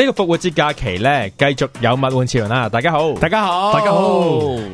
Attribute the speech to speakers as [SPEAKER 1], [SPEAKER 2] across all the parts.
[SPEAKER 1] 呢個復活節假期咧，繼續有物玩潮人啦！大家好，大家好，大家好。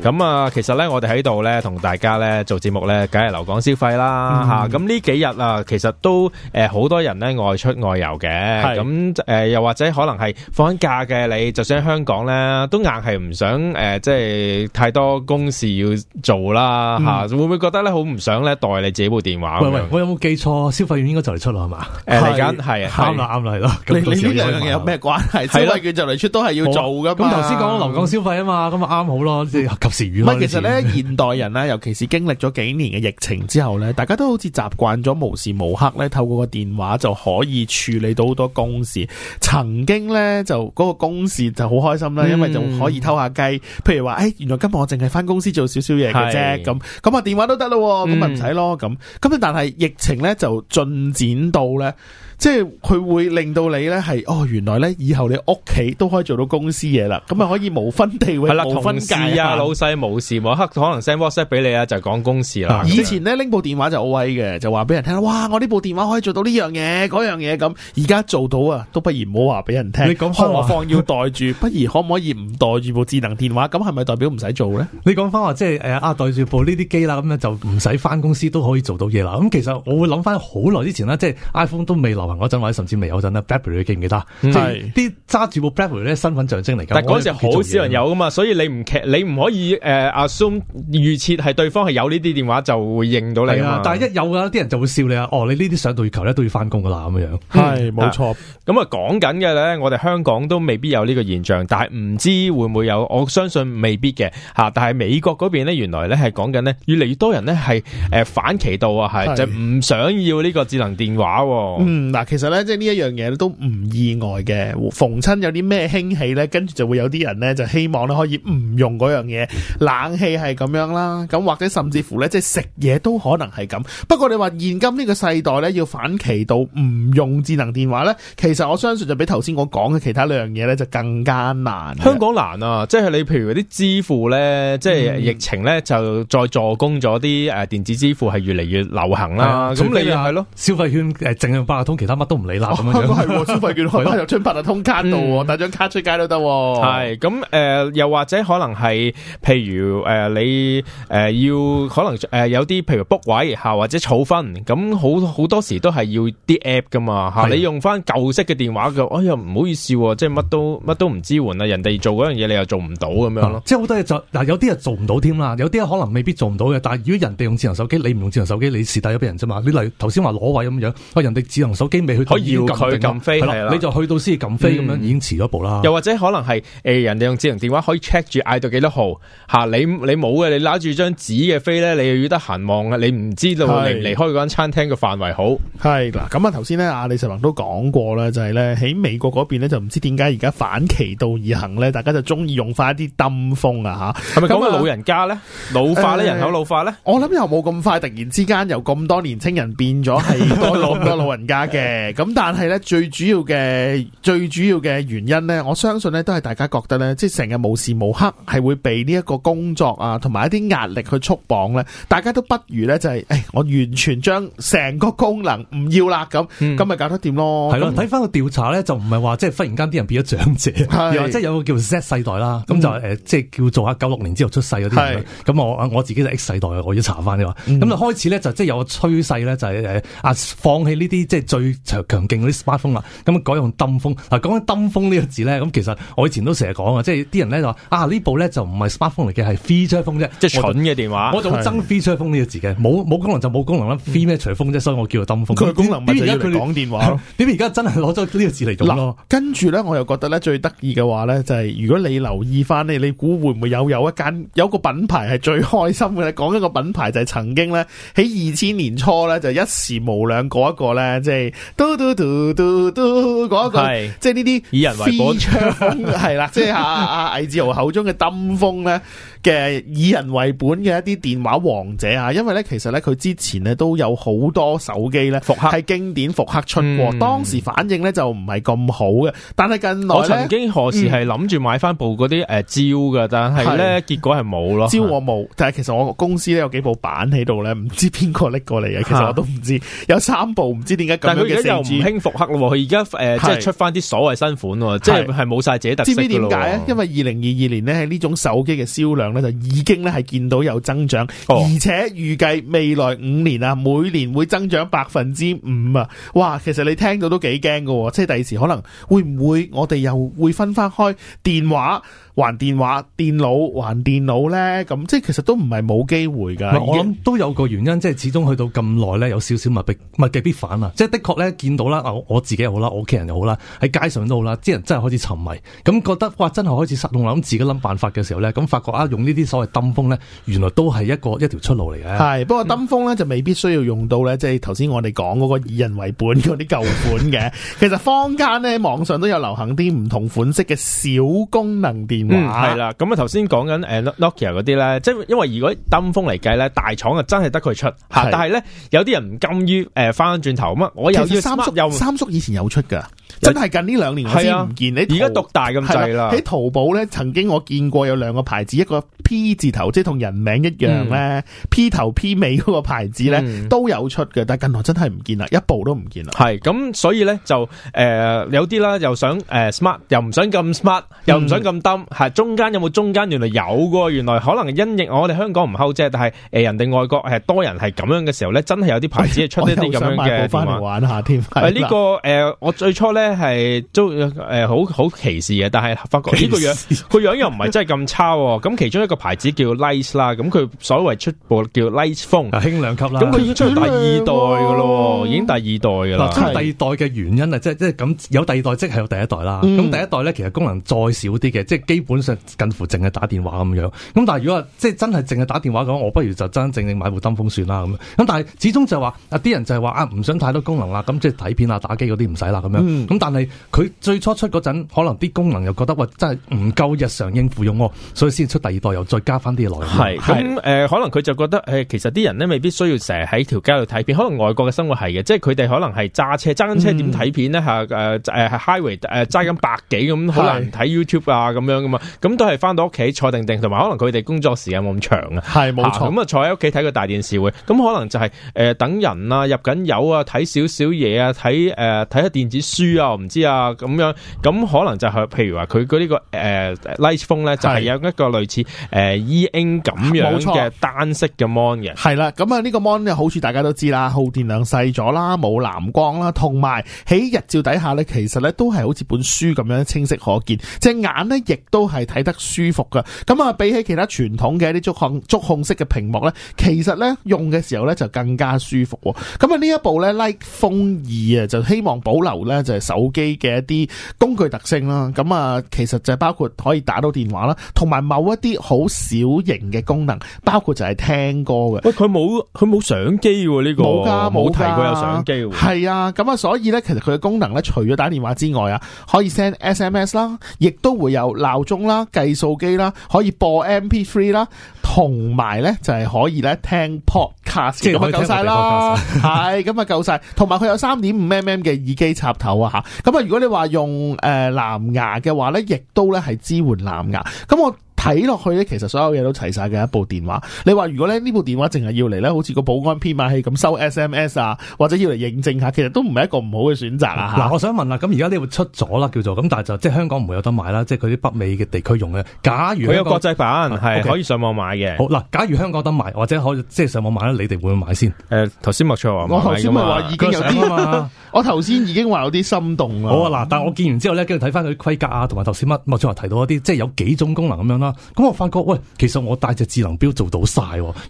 [SPEAKER 1] 咁啊，其實咧，我哋喺度咧，同大家咧做節目咧，梗係留港消費啦吓。咁呢幾日啊，其實都誒好多人咧外出外遊嘅。咁誒，又或者可能係放緊假嘅你，就算喺香港咧，都硬係唔想誒，即係太多公事要做啦吓。會唔會覺得咧好唔想咧帶你自己部
[SPEAKER 2] 電話？喂喂，我有冇記錯？消費券應該就嚟出啦係嘛？誒，嚟緊係啱啦，啱啦，係咯。你你呢兩樣嘢
[SPEAKER 3] 有咩係啦，叫的就嚟出都係要做噶嘛。咁頭先講流動消
[SPEAKER 2] 費啊嘛，咁啊啱好咯，即係及時雨。唔係，其實咧
[SPEAKER 3] 現代人咧，尤其是經歷咗幾年嘅疫情之後咧， 大家都好似習慣咗無時無刻咧透過個電話就可以處理到好多公事。曾經咧就嗰、那個公事就好開心啦，因為就可以偷下雞。譬如話，誒、哎、原來今日我淨係翻公司做少少嘢嘅啫，咁咁啊電話都得咯，咁咪唔使咯。咁咁但係疫情咧就進展到咧。即係佢會令到你咧係哦，原來咧，以後你屋企都可以做到公司嘢啦，咁啊可以無分地域、嗯、無分界同啊，嗎老細、
[SPEAKER 1] 無時無刻，可能 send WhatsApp 俾你啊，就講、是、公事啦。嗯、是以前咧拎部電話就好威
[SPEAKER 3] 嘅，就話俾人聽，哇！我呢部電話可以做到呢樣嘢、嗰樣嘢咁。而家做到啊，都不如唔好話俾人聽。你講何妨要
[SPEAKER 2] 袋住， 不如可唔可以唔袋住部智能電話？咁係咪代表唔使做咧？你講翻話即係誒，啊、呃，袋住部呢啲機啦，咁樣就唔使翻公司都可以做到嘢啦。咁其實我會諗翻好耐之前啦，即係 iPhone 都未落。嗰陣或者甚至未有陣咧 BlackBerry 你記唔記得？嗯、即係啲揸住部 BlackBerry 咧，身份象徵嚟噶。但嗰時好少人
[SPEAKER 1] 有噶嘛，所以你唔劇，你唔可以誒 assume 預設係對方係有呢啲電話就會認到你啊！但係一
[SPEAKER 2] 有啊，啲人就會笑你啊！哦，你呢啲上到月球都要翻工噶啦咁樣樣。係冇、嗯、錯。咁啊講
[SPEAKER 1] 緊嘅咧，我哋香港都未必有呢個現象，但係唔知會唔會有？我相信未必嘅嚇、啊。但係美國嗰邊咧，原來咧係講緊咧越嚟越多人咧係誒反其道啊，係是就唔想要呢個智能電話、啊。嗯。嗱，其實咧，即係呢一樣嘢都唔意
[SPEAKER 3] 外嘅。逢親有啲咩興起咧，跟住就會有啲人咧就希望咧可以唔用嗰樣嘢。冷氣係咁樣啦，咁或者甚至乎咧，即係食嘢都可能係咁。不過你話現今呢個世代咧要反其道唔用智能電話咧，其實我相信就比頭先我講嘅其他兩樣嘢咧就更加難。
[SPEAKER 1] 香港難啊，即係你譬如啲支付咧，即係疫情咧、嗯、就再助攻咗啲誒電子支付係越嚟越流行啦。咁、啊、你又
[SPEAKER 2] 係咯，消費券誒整樣八達通其乜都唔理啦咁樣，係消費券可以
[SPEAKER 3] 有張八達通卡度，帶張卡出街都得。
[SPEAKER 2] 係咁、 哦，誒、哦，又或者可能係，
[SPEAKER 1] 譬如誒、呃、你誒、呃、要可能誒、呃、有啲，譬如 book 位吓，或者儲分，咁好好多時都係要啲 app 噶嘛吓，的你用翻舊式嘅電話嘅，哎呀唔好意思、啊，即係乜都乜都唔支援啊，人哋做嗰樣嘢你又做唔到咁樣咯。
[SPEAKER 2] 即係好多嘢就嗱，有啲人做唔到添啦，有啲人可能未必做唔到嘅，但係如果人哋用智能手機，你唔用智能手機，你蝕底咗畀人啫嘛？你例如頭先話攞位咁樣，啊人哋智能手機。未去可以要佢撳飛，係啦了，了你就去到先要撳飛咁、嗯、樣，已經遲咗一步啦。又或者可能係、呃、人哋用智能電話可以 check 住嗌到幾多號、
[SPEAKER 1] 啊、你你冇嘅，你拿住張紙嘅飛咧，你又要得閒望啊，你唔知道離唔離開嗰間餐廳嘅範圍好。
[SPEAKER 3] 係嗱，咁啊頭先咧，阿李世民都講過啦，就係咧喺美國嗰邊咧，就唔知點解而家反其道而行咧，大家就中意用翻一啲 dumb phone 啊吓，係咪咁嘅老人家
[SPEAKER 1] 咧？老化咧，的人口老
[SPEAKER 3] 化咧？我諗又冇咁快，突然之間由咁多年青人變咗係多老多老人家嘅。 誒，咁但係咧，最主要嘅、最主要嘅原因咧，我相信咧，都係大家覺得咧，即係成日無時無刻係會被呢一個工作啊，同埋一啲壓力去束綁咧，大家都不如咧，就是，就係誒，我完全將成個功能唔要啦，咁咁咪搞得掂咯。係啊了，睇
[SPEAKER 2] 翻個調查咧，就唔係話即係忽然間啲人變咗長者，是即係有個叫 Z 世代啦，咁，嗯，就誒，即係叫做啊，九六年之後出世嗰啲。咁我我自己就 X 世代嘅，我要查翻嘅話，咁，嗯，就開始咧就，就即係有個趨勢咧，就係誒啊，放棄呢啲即係最。強強勁嗰啲 smartphone 啦，咁改用 dumb phone 嗱，講起 dumb phone 呢個字咧，咁其實我以前都成日講啊，即係啲人咧就話啊呢部咧就唔係 smartphone 嚟嘅，係 feature phone 啫，即係蠢嘅電話。我就好憎的 feature phone 呢個字嘅，冇冇的功能就冇功能啦 feature 除風啫，所以我叫做 dumb phone。佢功能而家佢講電話？點解而家真係攞咗呢個字嚟做咯？
[SPEAKER 3] 跟住咧，我又覺得咧最得意嘅話咧，就係、是、如果你留意翻咧，你估會唔會有一有一間有個品牌係最開心嘅咧？講一個品牌就係曾經咧喺二千年初咧就一時無兩嗰一個咧，即係。嘟嘟嘟嘟嘟、那個，嗰一個即係呢啲以人為靶槍，係啦、 啊，即係吓阿阿魏志豪口中嘅 dumb phone 咧。嘅以人為本嘅一啲電話王者啊，因為咧其實咧佢之前咧都有好多手機咧，係經典復刻出過，當時反應咧就唔係咁好嘅。但係近來，我曾經何時係諗
[SPEAKER 1] 住買翻部嗰啲誒蕉嘅，但係咧結果係冇咯。蕉
[SPEAKER 3] 我冇，但係其實我公司咧有幾部板喺度咧，唔知邊個拎過嚟嘅，其實我都唔知。有三部唔知點解咁，但佢而家又唔興
[SPEAKER 1] 復刻咯，佢而家誒即係出翻啲所謂新款喎，即係係冇晒自己特色。知唔知點解咧？
[SPEAKER 3] 因為二零二二年咧係呢種手機嘅銷量。就已經咧係見到有增長，而且預計未來五年啊，每年會增長百分之五啊！哇，其實你聽到都幾驚㗎，即係第二時可能會唔會我哋又會分返開電話。玩電話、電腦、玩電腦咧，咁即係其實都唔係冇機會㗎。我諗
[SPEAKER 2] 都有個原因，即係始終去到咁耐咧，有少少物必物極必反啊！即係的確咧，見到啦，我自己又好啦，我屋企人又好啦，喺街上都好啦，啲人真係開始沉迷，咁覺得哇，真係開始失控啦！咁自己諗辦法嘅時候咧，咁發覺啊，用呢啲所謂 dumb phone 咧，原來都係一個一條出路嚟嘅。
[SPEAKER 3] 係，不過 dumb phone 咧就未必需要用到咧，嗯、即係頭先我哋講嗰個以人為本嗰啲舊款嘅。 其實坊間咧，網上都有流行啲唔同款式嘅小功能電腦。嗯，係啦
[SPEAKER 1] 哇，咁啊，頭先講緊 Nokia 嗰啲咧，即係因為如果 dumb phone 嚟計咧，大廠啊真係得佢出吓，但係咧有啲人唔甘於返翻轉頭咁啊，我又要 Smart, 三叔，又三叔以前有出噶。真係近呢兩年我先唔見、啊、你而淘家讀大咁滯啦喺
[SPEAKER 3] 淘寶咧，曾經我見過有兩個牌子，一個 P 字頭，即係同人名一樣咧、嗯、，P 頭 P 尾嗰個牌子咧、嗯、都有出嘅，但係近來真係唔見啦，一部都唔
[SPEAKER 1] 見啦。係咁，所以咧就誒、呃、有啲啦，又想誒、呃、smart，又唔想咁 smart，又唔想咁 dumb，係，中間有冇中間？原來有噶，原來可能因應我哋香港唔厚啫。但係誒、呃、人哋外國誒、呃、多人係咁樣嘅時候咧，真係有啲牌子係出呢啲咁樣嘅。翻去
[SPEAKER 3] 玩下添，係呢、啊這個
[SPEAKER 1] 誒、呃，我最初係都誒好好歧視嘅，但係發覺呢個樣佢視樣又唔係真係咁差、哦。咁 其中一個牌子叫 Light 啦，咁佢所謂出部叫 Light Phone 輕量級啦，咁佢已經出第二代嘅咯，哦、已經第二代噶啦。第二
[SPEAKER 2] 代嘅原因啊，是即係即係咁有第二代即係有第一代啦。咁、嗯、第一代咧其實功能再少啲嘅，即係基本上近乎淨係打電話咁樣。咁但係如果話即係真係淨係打電話嘅話，我不如就真真正正買部登風算啦咁。咁但係始終就係話啊，啲人就係話啊，唔想太多功能啦，咁即係睇片啊、打機嗰啲唔使啦咁樣。嗯咁但係佢最初出嗰陣，可能啲功能又覺得話真係唔夠日常應付用喎，所以先出第二代，又再加翻啲嘢落去。係咁
[SPEAKER 1] 是、呃、可能佢就覺得其實啲人咧未必需要成日喺條街度睇片，可能外國嘅生活係嘅，即係佢哋可能係揸車揸緊車，點睇片咧，係 highway 揸緊百幾咁好難睇 YouTube 啊、咁、呃 you 啊、是樣噶嘛，咁都係翻到屋企坐定定，同埋可能佢哋工作時間冇咁長啊，係冇錯。咁啊坐喺屋企睇個大電視會，咁可能就係、是呃、等人啊入緊油啊睇少少嘢啊，睇睇下電子書、啊。唔知啊，咁樣，咁可能就係，譬如話佢嗰呢個誒 Light Phone 咧，就係有一個類似誒、呃、E Ink 咁樣嘅單色嘅 mon 嘅。
[SPEAKER 3] 係啦，咁啊呢個 mon 咧好處大家都知啦，耗電量細咗啦，冇藍光啦，同埋喺日照底下咧，其實咧都係好似本書咁樣清晰可見，隻眼咧亦都係睇得舒服噶。咁啊比起其他傳統嘅一啲觸控觸控式嘅屏幕咧，其實咧用嘅時候咧就更加舒服。咁啊呢一部咧 Light Phone 二啊，就希望保留咧就係。手機嘅一啲工具特性啦，咁啊，其實就包括可以打到電話啦，同埋某一啲好小型嘅功能，包括就係聽歌嘅。喂，佢冇佢冇相機喎，啊，呢個，冇㗎，冇提過有相機。係啊，咁啊，所以呢，其實佢嘅功能呢，除咗打電話之外啊，可以 send SMS 啦，亦都會有鬧鐘啦、計數機啦，可以播 MP3 啦。同埋咧就係可以咧聽 podcast，嘅 Pod，咁啊夠晒啦，係咁啊夠晒，同埋佢有三點五 mm 嘅耳機插頭啊吓，咁啊如果你用話用誒藍牙嘅話咧，亦都咧係支援藍牙，咁我。睇落去咧，其實所有嘢都齊晒嘅一部電話。你話如果咧呢部電話淨係要嚟咧，好似個保安編碼器咁收 SMS 啊，或者要嚟認證下，其實都唔係一個唔好嘅選擇啊！嗱，
[SPEAKER 2] 我想問啦，咁而家呢部出咗啦，叫做咁，但係就即係香港唔會有得買啦，即係佢啲北美嘅地區用嘅，假如佢有國際版係、啊、可以上網買嘅、啊 okay。好嗱，假如香港得買或者可以即係、就是、上網買你哋會唔會買先？誒、呃，頭先莫卓華我頭先咪話已經有啲啊嘛，我頭先已經話有啲心動啊。 嗯、好啊，嗱，但係我見完之後咧，跟住睇翻佢規格啊，同埋頭先乜莫卓華提到嗰啲，即係有幾種功能咁樣啦。咁我發覺，喂，其實我帶隻智能表做到晒。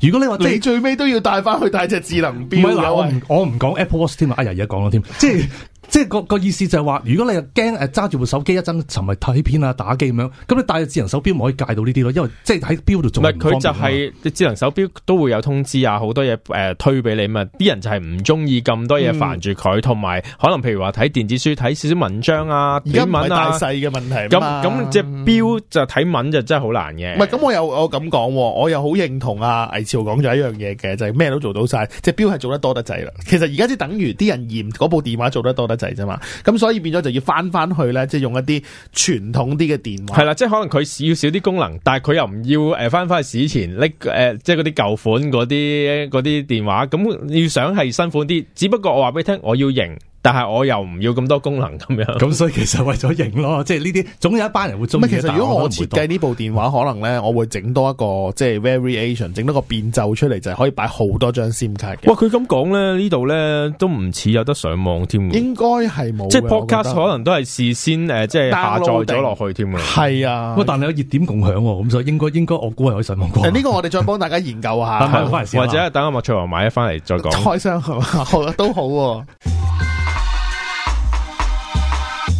[SPEAKER 2] 如果你話你最尾都要帶翻去帶隻智能表，唔係嗱，我唔我唔講 Apple Watch 添阿日而家講咗添，即係。 即係個個意思就係話，如果你驚誒揸住部手機一陣，沉迷睇片啊、機片打機咁樣，咁你戴智能手表唔可以戒到呢啲咯，因為即係喺表度做。唔，佢就係、
[SPEAKER 1] 是、嘛智能手表都會有通知啊，好多嘢，誒、呃、推俾你嘛。啲人就係唔中意咁多嘢煩住佢，同埋、嗯、可能譬如話睇電子書、睇少少文章啊，而家文大細嘅問題咁，咁隻表就睇文就真係好難嘅。唔
[SPEAKER 3] 係咁，我又我咁講，我又好認同阿魏潮講咗一樣嘢嘅，就係、是、咩都做到晒，隻表係做得多得滯啦。其實而家即等於啲人嫌嗰部電話做得多得。啫嘛，咁所以變咗就要翻翻去咧，即係用一啲傳統啲嘅電話，
[SPEAKER 1] 係啦，即係可能佢少少啲功能，但係佢又唔要返翻翻去史前咧、呃、即係嗰啲舊款嗰啲嗰啲電話，咁要想係新款啲，只不過我話俾你聽，我要型。但係我又唔要咁多功能咁樣，咁 所以其
[SPEAKER 2] 實為咗型咯，即係呢啲總有一班人會中意嘅。其實如果我設計呢部電話，可能咧我會整多一個
[SPEAKER 3] 即係 variation，整多個變奏出嚟，就係、是、可以擺好多張 sim 卡嘅。
[SPEAKER 2] 哇！佢咁講咧
[SPEAKER 1] 呢度咧都唔似有得上網添，
[SPEAKER 2] 應該係冇，即係 podcast 可
[SPEAKER 1] 能都係事先誒即
[SPEAKER 2] 係下載咗落去添啊。係啊，但係有熱點共享，咁所以應該應該我估係可以上網
[SPEAKER 3] 嘅。呢 個我哋再幫大家研究一下，或者
[SPEAKER 2] 等阿麥翠華買一翻嚟再講。開
[SPEAKER 3] 箱好都好、啊。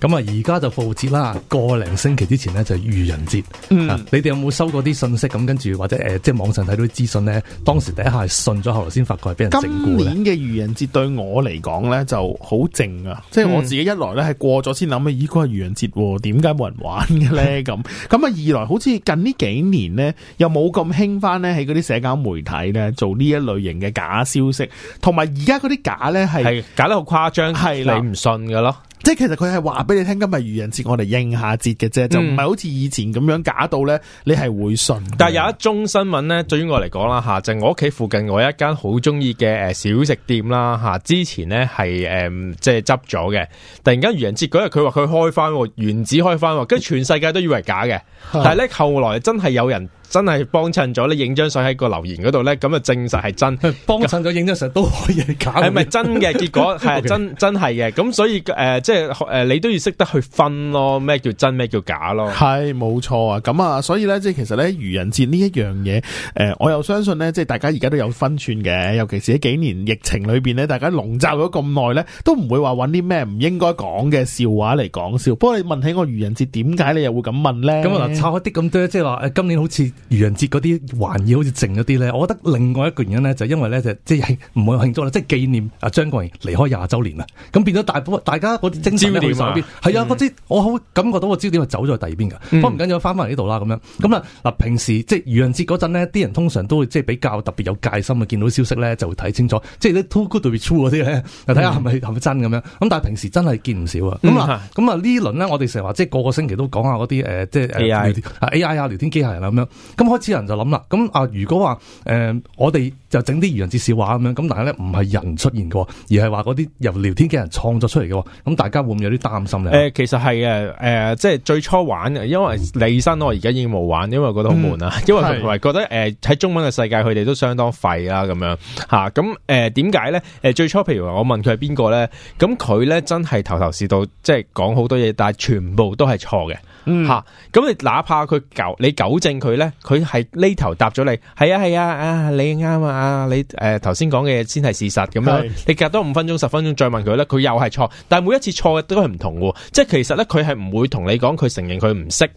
[SPEAKER 2] 咁啊，而家就復活節啦，個零星期之前呢，就係愚人節，嗯，你哋有冇收過啲信息？咁跟住或者誒，即係網上睇到啲資訊呢，當時底下係信咗，後來先發覺係俾人整蠱嘅。今年
[SPEAKER 3] 嘅愚人節對我嚟講呢，就好靜啊，即係我自己一來呢，係過咗先諗，咦，嗰個愚人節點解冇人玩嘅咧？咁咁啊，二來好似近呢幾年呢，又冇咁興翻呢喺嗰啲社交媒體呢做呢一類型嘅假消息，同埋而家嗰啲假呢，係
[SPEAKER 1] 假得好誇張，係啦你唔
[SPEAKER 3] 信嘅咯，即係其實佢係話。俾你聽，今日愚人節，我哋應下節嘅啫，嗯、就唔係好似以前咁樣假到咧，你係會信。
[SPEAKER 1] 但係有一宗新聞咧，對於我嚟講啦吓，就係、我屋企附近我一間好中意嘅誒小食店啦吓，之前咧係誒即係執咗嘅，突然間愚人節嗰日佢話佢開翻，原址開翻，跟住全世界都以為假嘅，的但係咧後來真係有人。真係幫襯咗你影張相喺個留言嗰度咧，咁啊證實係真。
[SPEAKER 2] 幫襯咗影張相都可以係假。係咪真嘅？ 結果係 Okay. 真
[SPEAKER 1] 真係嘅。咁所以誒、呃，即係誒、呃，你都要識得去分咯，咩叫真，咩叫假咯。係冇
[SPEAKER 3] 錯啊。咁啊，所以咧，即係其實咧，愚人節呢一樣嘢，誒、呃，我又相信咧，即係大家而家都有分寸嘅。尤其是喺幾年疫情裏邊咧，大家籠罩咗咁耐咧，都唔會話揾啲咩唔應該講嘅笑話嚟講笑。不過你問起我愚人節，點解你又會咁問咧？咁啊，插
[SPEAKER 2] 一啲咁多，即係話誒，今年好似。愚人節嗰啲玩意好似靜咗啲咧，我覺得另外一個原因咧就因為咧就即係唔好慶祝啦，即、就、係、是、紀念啊張國榮離開廿週年啦，咁變咗大部分大家嗰啲精神喺手邊，係啊嗰啲、嗯、我好感覺到個焦點係走咗喺第二邊嘅，不過唔緊要，翻返嚟呢度啦咁樣。咁啊嗱，平時即係愚人節嗰陣咧，啲人通常都會即係比較特別有戒心啊，見到消息咧就會睇清楚，即係啲 too good to be true 嗰啲咧，睇下係咪係咪真咁樣。咁但係平時真係見唔少啊。咁啊咁啊呢輪呢，我哋成日話即係個個星期都講下嗰啲誒即係 AI 啊，聊、啊、AI 天機械人啦咁樣。咁開始人就諗啦，咁啊如果話誒、呃、我哋就整啲愚人節笑話咁樣，咁但係咧唔係人出現過而係話嗰啲由聊天機器人創作出嚟嘅，咁大家會唔會有啲擔心咧？
[SPEAKER 1] 誒、呃，其實係嘅，誒、呃、即係最初玩嘅，因為李生我而家已經冇玩，因為我覺得好悶啊，嗯、因為佢覺得誒喺是、呃、中文嘅世界佢哋都相當廢啦咁樣吓，咁誒點解咧？誒、呃呃、最初譬如話我問佢係邊個咧，咁佢咧真係頭頭是道，即係講好多嘢，但係全部都係錯嘅。吓，咁、嗯啊、你哪怕佢你糾正佢咧，佢係呢頭答咗你，係啊係啊，啊你啱啊，你誒頭先講嘅先係事實咁樣，是你隔多五分鐘十分鐘再問佢咧，佢又係錯，但係每一次錯嘅都係唔同喎，即係其實咧佢係唔會同你講，佢承認佢唔識，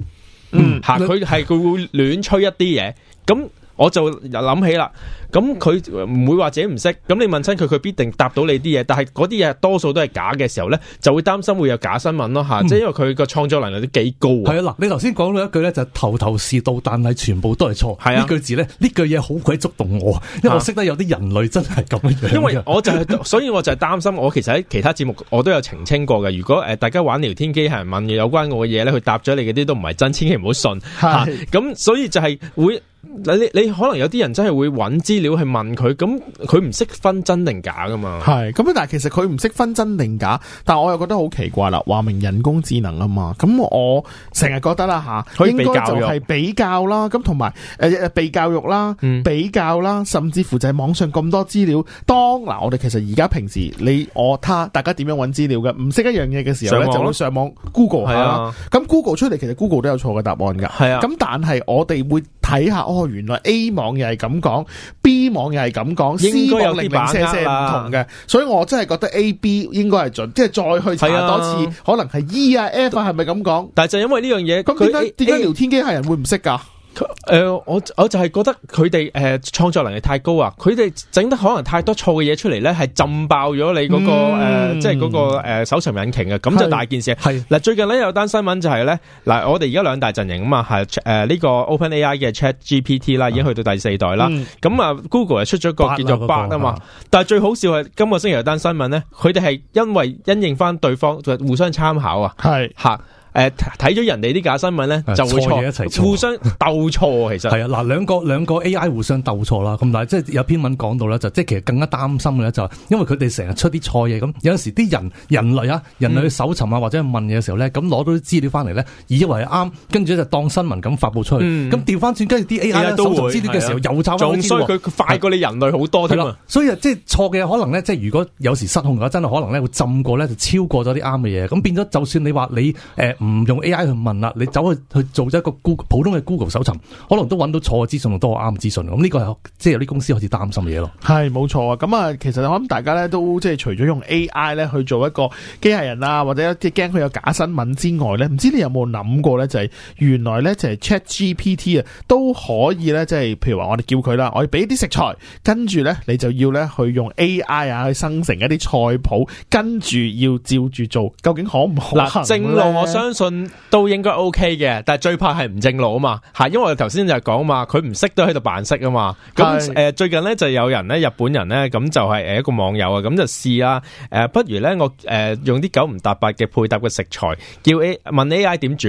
[SPEAKER 1] 嗯吓，佢係佢會亂吹一啲嘢，咁。我就諗起啦，咁佢唔會或者唔識，咁你問親佢，佢必定答到你啲嘢，但係嗰啲嘢多數都係假嘅時候呢，就會擔心會有假新聞咯吓，即係、嗯、因為佢個創作能力都幾高啊。
[SPEAKER 2] 係啊，嗱，你頭先講到一句呢，就係、頭頭是道，但係全部都係錯。係啊，呢句字呢，呢句嘢好鬼觸動我，因為我識得有啲人類真係咁樣。因為我就係、是，所以我就係擔心， 我其實喺其他節目我都
[SPEAKER 1] 有澄清過嘅。如果誒大家玩聊天機器人，問有關我嘅嘢呢，佢答咗你嗰啲都唔係真，千祈唔好信咁是、啊、所以就係會。你你可能有啲人真係會揾資料去問佢，咁佢唔識分真定假噶嘛？係咁，但係其實佢唔識分真定假，
[SPEAKER 3] 但係我又覺得好奇怪啦，話明人工智能啊嘛。咁我成日覺得啦吓，佢、啊、應該就係比較啦，咁同埋誒被教育啦，嗯、比較啦，甚至乎就係網上咁多資料。當嗱、啊、我哋其實而家平時你我他大家點樣揾資料嘅？唔識一樣嘢嘅時候呢，就會上網 Google 下啦。咁、啊啊、Google 出嚟，其實 Google 都有錯嘅答案噶係啊，咁但係我哋會。睇下哦，原來 A 網又係咁講，B 網又係咁講，C 網應該有啲把握唔同嘅，了 所以我真係覺得 A、B 應該係準，即係再去睇下多次，啊、可能係 E 啊、F 係咪咁講？是
[SPEAKER 1] 是但係就因為呢樣嘢，咁點解點解聊天機械人會唔識噶？誒、呃，我我就係覺得佢哋誒創作能力太高啊！佢哋整得可能太多錯嘅嘢出嚟咧，係浸爆咗你嗰、那個誒、嗯呃，即係嗰、那個誒，搜、呃、尋引擎啊。咁就大件事。係嗱，最近咧有單新聞就係咧，嗱，我哋而家兩大陣營啊嘛，係誒呢個 OpenAI 嘅 Chat GPT 啦，已經去到第四代啦。咁、嗯、啊，Google 又出咗個叫做 B 啊嘛，那個、但係最好笑係今個星期有單新聞咧，佢哋係因為因應翻對方就互相參考啊，係吓是。誒，睇咗人哋啲假新聞咧，就錯嘢一齊，
[SPEAKER 2] 互相鬥錯，其實係啊，嗱，兩個兩個 AI 互相鬥錯啦。咁但係，即係有篇文講到咧，就即係其實更加擔心嘅咧，就係因為佢哋成日出啲錯嘢，咁有陣時啲人人類啊，人類去搜尋啊，或者係問嘢嘅時候咧，咁攞到啲資料翻嚟咧，以為係啱，跟住咧就當新聞咁發布出去，咁調翻轉，跟住啲 AI 搜尋資料嘅時候又找翻啲，佢快過你人類好多啲添。所以即係錯嘅可能咧，即係如果有時失控嘅話，真係可能咧會浸過咧，就超過咗啲啱嘅嘢，咁變咗就算你話你誒唔用 A.I. 去問啦，你走去去做咗一個 Google 普通嘅 Google 搜尋，可能都揾到錯嘅資訊都多啱嘅資訊。咁呢個係即係有啲公司開始擔心嘅嘢咯。係冇錯啊。咁啊，其實我諗大家咧都即係除咗用 A.I. 咧去做一個
[SPEAKER 3] 機械人啊，或者一啲驚佢有假新聞之外咧，唔知你有冇諗過咧？就係、是、原來咧就係 Chat G.P.T. 啊，都可以咧，即係譬如話我哋叫佢啦，我哋俾啲食材，跟住咧你就要咧去用 A.I. 啊去生成一啲菜譜，跟住要照住做，究竟可唔可行？正路我想。相信
[SPEAKER 1] 都應該 OK 嘅，但係最怕係唔正路啊嘛，吓，因為我頭先就講啊嘛，佢唔識都喺度扮識啊嘛，咁誒是、呃、最近咧就有人咧日本人咧咁就係誒一個網友啊，咁就試啊，誒，不如咧我誒、呃、用啲九唔搭八嘅配搭嘅食材，叫 A 問 AI 點煮。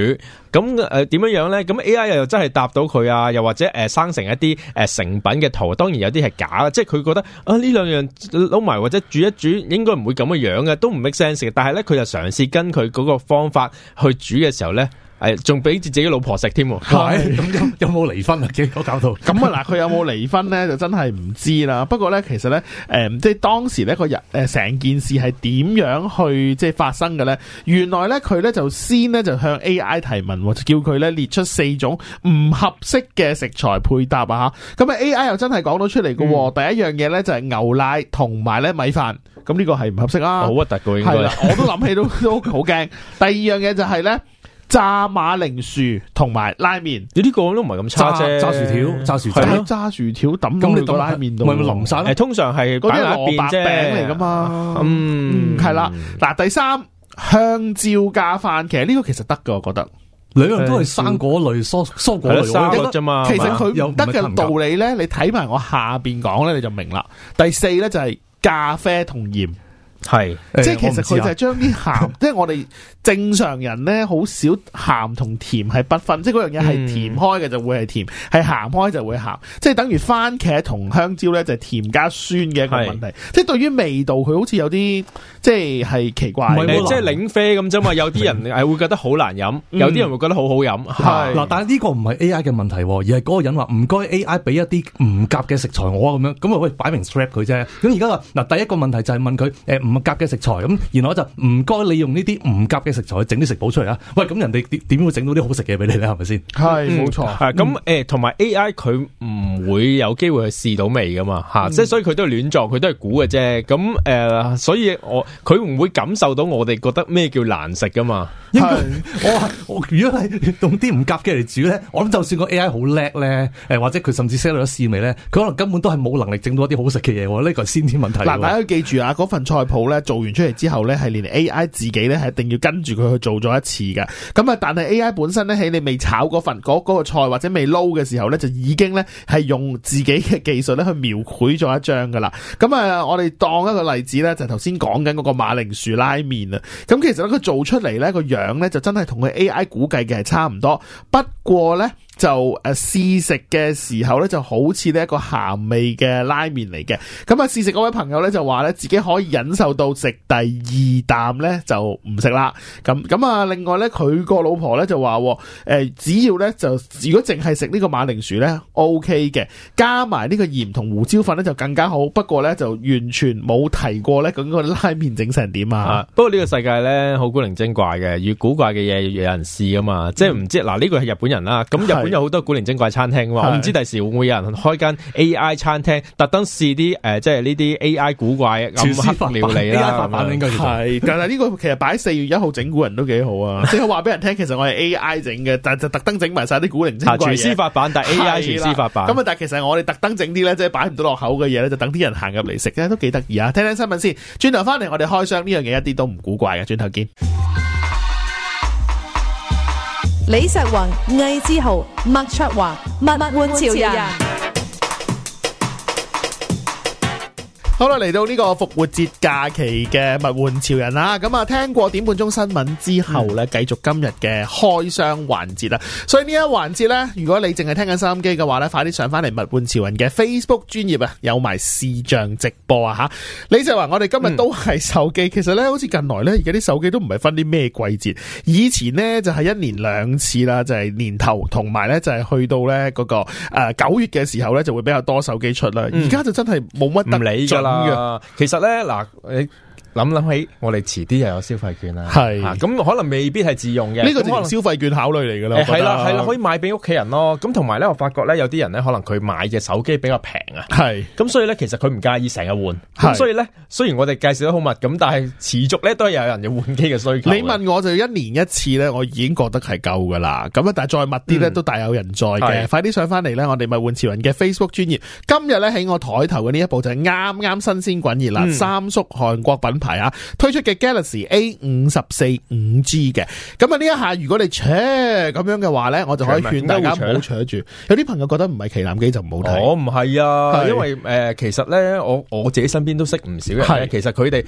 [SPEAKER 1] 咁誒點樣樣咧？咁 A.I. 又，又真係答到佢啊？又或者、呃、生成一啲誒、呃、成品嘅圖，當然有啲係假嘅，即係佢覺得啊呢兩樣撈埋或者煮一煮，應該唔會咁嘅樣嘅，都唔 make sense 嘅。但係咧，佢就嘗試跟佢嗰個方法去煮嘅時候咧。係，仲俾自己老婆食添，咁
[SPEAKER 2] 是、哎、有冇離婚啊？搞到！
[SPEAKER 1] 咁啊？嗱，佢有冇離婚呢？就真係唔知
[SPEAKER 3] 啦。不過呢，其實呢，誒、呃，即係當時呢個人誒、成、呃、件事係點樣去即係發生嘅呢？原來呢，佢呢就先呢就向 AI 提問，叫佢呢列出四種唔合適嘅食材配搭啊！咁啊 AI 又真係講到出嚟嘅。嗯、第一樣嘢呢就係、是、牛奶同埋咧米飯，咁呢個係唔合適、啊、啦，好核突嘅。係我都諗起都 都好驚。第二樣嘢就係呢。炸馬鈴薯同埋拉麵，
[SPEAKER 1] 你呢個都唔係咁差啫。炸薯條、炸薯條、炸薯條，抌咁你到拉麵度，唔係唔係淋晒。通常係
[SPEAKER 3] 嗰啲蘿蔔餅嚟噶嘛。
[SPEAKER 1] 嗯，係啦。嗱，第三
[SPEAKER 3] 香蕉加番茄，其實呢個其實得噶，我覺得。兩樣都係生果類、
[SPEAKER 2] 蔬蔬果類嚟嘅啫嘛。其實佢得嘅道
[SPEAKER 3] 理咧，你睇埋我下邊講咧，你就明啦。第四咧就係咖啡同鹽。係，是欸，即係其實佢就係將啲鹹，啊，即係我哋正常人咧，好少鹹同甜係不分，即係嗰樣嘢係甜開嘅就會係甜，係鹹，嗯，開就會鹹，即係等於番茄同香蕉咧就係甜加酸嘅一個問題。即係對於味道佢好似有啲即係係奇怪，問題，
[SPEAKER 1] 即係檸啡咁啫嘛。有啲人會覺得好難飲，嗯，有啲人會覺得好好飲。嗱，
[SPEAKER 2] 嗯，但係呢個唔係 AI 嘅問題，而係嗰個人話唔該 AI 俾一啲唔夾嘅食材我咁樣咁啊，喂，擺明 trap 佢啫。咁而家嗱，第一個問題就係問佢誒。呃唔夾嘅食材咁，然後就唔該利用呢啲唔夾嘅食材去整啲食譜出嚟啊！喂，咁人哋點點會整到啲好食嘅嘢俾你咧？係咪先？係冇錯。咁誒，同埋 AI 佢唔會有機會去試到味噶嘛？吓，
[SPEAKER 1] 即係所以佢都係亂作，佢都係估嘅啫。咁誒，所以我佢唔會感受到我哋
[SPEAKER 2] 覺得咩叫難食噶嘛？係因為我我如果係用啲唔夾嘅嚟煮咧，我諗就算個 AI 好叻咧，誒或者佢甚至識得試味咧，佢可能根本都係冇能力整到一啲好食嘅嘢。我呢個係先天問題。嗱，大家
[SPEAKER 3] 要記住啊，嗰份菜譜。做完出嚟之後呢，係連 A I 自己呢，係一定要跟住佢去做咗一次嘅。咁啊，但係 A I 本身呢，喺你未炒嗰份嗰嗰個菜或者未撈嘅時候呢，就已經呢，係用自己嘅技術呢，去描繪咗一張噶啦。咁啊，我哋當一個例子呢，就頭先講緊嗰個馬鈴薯拉麵啊。咁其實呢，佢做出嚟呢個樣呢，就真係同佢 A I 估計嘅係差唔多。不過呢。就誒、啊、試食嘅時候咧，就好似呢一個鹹味嘅拉麵嚟嘅。咁啊，試食嗰位朋友咧就話咧，自己可以忍受到食第二啖咧就唔食啦。咁、啊、咁啊，另外咧佢個老婆咧就話喎、啊，只要咧就如果淨係食呢個馬鈴薯咧 OK 嘅，加埋呢個鹽同胡椒粉咧就更加好。不過咧就完全冇提過咧究竟個拉麵整成點啊，
[SPEAKER 1] 啊！不過呢個世界咧好古靈精怪嘅，越古怪嘅嘢越有人試啊嘛，即係唔知嗱呢、嗯啊這個係日本人啦，咁日本。有好多古靈精怪餐廳喎，是我唔知第時會唔會有人開間 AI 餐廳，特登試啲、呃、即係呢啲 AI 古怪咁斯黑料理應該係，是 但係呢個其實
[SPEAKER 3] 擺四月一號整蠱人都幾好啊！ 即係話俾人聽，其實我係 AI 整嘅，但係就特登整埋晒啲古靈精怪嘢。全司法版，但係 AI 全司法版。咁啊，但係其實我哋特登整啲咧，即係擺唔到落口嘅嘢咧，就等啲人行入嚟食，咧都幾得意啊！聽聽新聞先，轉頭翻嚟我哋開箱呢樣嘢一啲都唔古怪嘅，轉頭見。
[SPEAKER 2] 李石宏、魏志豪、麥卓華、麥物玩潮人。
[SPEAKER 3] 好啦，嚟到呢個復活節假期嘅物玩潮人啦，咁啊聽過點半鐘新聞之後呢，繼續今日嘅開箱環節啦。所以呢一環節呢，如果你淨係聽緊收音機嘅話呢，快啲上翻嚟物玩潮人嘅 Facebook 專頁啊，有埋視像直播啊吓。你就話，我哋今日都係手機，其實呢，好似近來呢，而家啲手機都唔係分啲咩季節，以前呢，就係、是、一年兩次啦，就係、是、年頭同埋呢，就係去到呢、那、嗰個誒九、呃、月嘅時候呢，就會比較多手機出啦。而家就真係
[SPEAKER 1] 冇乜得、嗯、理啊、嗯，其實咧，嗱，誒。諗諗起，我哋遲啲又有消費券啦。係是，咁、啊、可能未必係自用嘅，呢個只能消費券考慮嚟噶喇。係啦，係啦，可以買俾屋企人咯。咁同埋咧，我發覺咧，有啲人咧，可能佢買嘅手機比較平啊。係是，咁所以咧，其實佢唔介意成日換。咁是所以咧，雖然我哋介紹得好密，咁但係持續咧都係有人要換機嘅需求。你
[SPEAKER 3] 問我就一年一次咧，我已經覺得係夠噶啦。咁啊，但係再密啲咧，都大有人在嘅。嗯、快啲上翻嚟咧，我哋咪物玩潮人嘅 Facebook 專頁。今日咧喺我台頭嘅呢一部就係啱啱新鮮滾熱辣。嗯、三星韓國品牌啊！推出嘅 Galaxy A54 5G 嘅，咁啊呢一下如果你扯咁樣嘅話咧，我就可以勸大家唔好扯住。有啲朋友覺得唔係旗艦機就唔好睇。我
[SPEAKER 1] 唔係啊，是因為誒、呃，其實咧我我自己身邊都識唔少嘅，是其實佢哋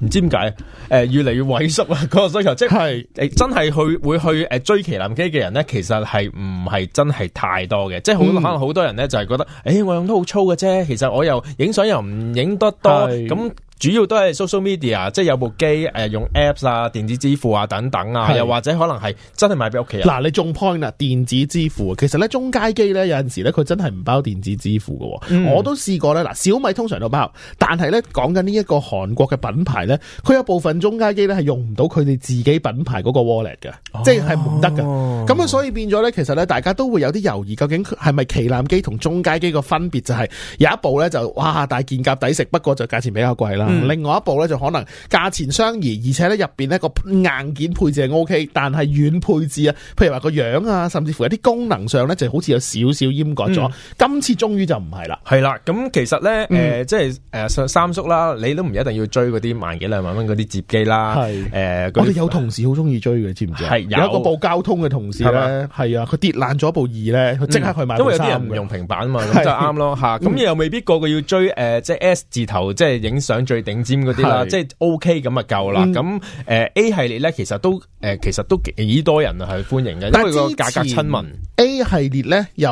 [SPEAKER 1] 唔知點解誒越嚟越萎縮啊嗰個需求，即係是、欸、真係去會去誒追旗艦機嘅人咧，其實係唔係真係太多嘅，即係好、嗯、可能好多人咧就係、是、覺得誒、欸、我用得好粗嘅啫，其實我又影相又唔影得多咁。是主要都係 social media，即係有部機誒用 apps 啊是，電子支付啊等等啊，又或者可能係真係買俾屋企人。嗱，
[SPEAKER 3] 你中 point 啊，電子支付啊，其實咧中階機咧有陣時咧佢真係唔包電子支付嘅。嗯、我都
[SPEAKER 1] 試過咧，嗱，
[SPEAKER 3] 小米通常都包，但係咧講緊呢一個韓國嘅品牌咧，佢有部分中階機咧係用唔到佢哋自己品牌嗰個 wallet 嘅，哦，即係唔得嘅。咁啊，所以變咗咧，其實咧大家都會有啲猶豫，究竟係咪旗艦機同中階機個分別就係、是、有一部咧就哇大件夾抵食，不過就價錢比較貴啦。另外一部咧就可能價錢相宜，而且咧入面呢個硬件配置係 O K，但係軟配置啊，譬如話個樣啊，甚至乎一啲功
[SPEAKER 1] 能上咧就好似有少少閹割咗。今
[SPEAKER 3] 次終於就唔係啦，
[SPEAKER 1] 係啦。咁其實咧即係三叔啦，你都唔一定要追嗰啲萬幾兩萬蚊嗰啲摺機啦。係誒，我哋
[SPEAKER 3] 有同事好中意追嘅，知唔知係有。有一部交通嘅同事咧，係啊，佢跌爛咗部二咧，佢即刻去買。因為有啲人唔用平板啊嘛，就啱咯嚇。咁
[SPEAKER 1] 又未必個個要追即係 S 字頭，即係影相最最頂尖嗰啲啦，即係 OK 咁，啊夠啦。咁 A 系列咧，其實都誒其實都幾多人去歡迎嘅，因為個價格親民。
[SPEAKER 3] A 系列咧有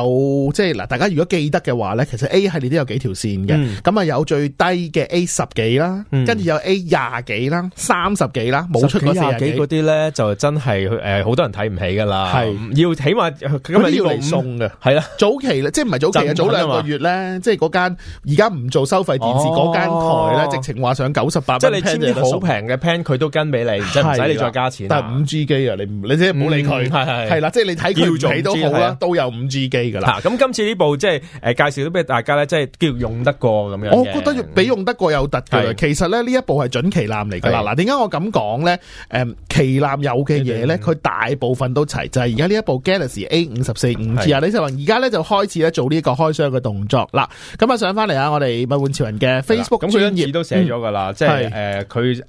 [SPEAKER 3] 即係嗱，大家如果記得嘅話咧，其實 A 系列都有幾條線嘅。咁啊有最低嘅 A 十幾啦，跟住有 A 廿幾啦，三十幾啦，冇出過四十幾嗰
[SPEAKER 1] 啲咧，就真係誒好多人睇唔起噶啦。係要起碼今日送嘅係啦，早期即係唔係早期，早兩個
[SPEAKER 3] 月咧，即係嗰間而家唔做收費電視嗰間台咧，直話上九十八，即係你簽嘅好平嘅 plan，佢都跟俾你，唔使你再加錢。但係五 G 機啊，你唔，你唔好唔理佢。係啦，即係你睇佢，要睇都好啦，
[SPEAKER 1] 都有五 G 機噶啦。咁今次呢部即係誒介紹俾大家咧，即係叫用得過咁樣。我覺得要
[SPEAKER 3] 比用得過有突嘅。其實咧呢一部係準旗艦嚟噶啦。嗱，點解我咁講咧？誒，旗艦有嘅嘢咧，佢大部分都齊，就係而家呢一部 Galaxy A 五十四五 G 啊。李世宏，而家咧就開始咧做呢一個開箱嘅動作啦。咁啊，上翻嚟啊，我哋物玩潮人嘅 Facebook
[SPEAKER 1] 咗噶啦，即係誒，佢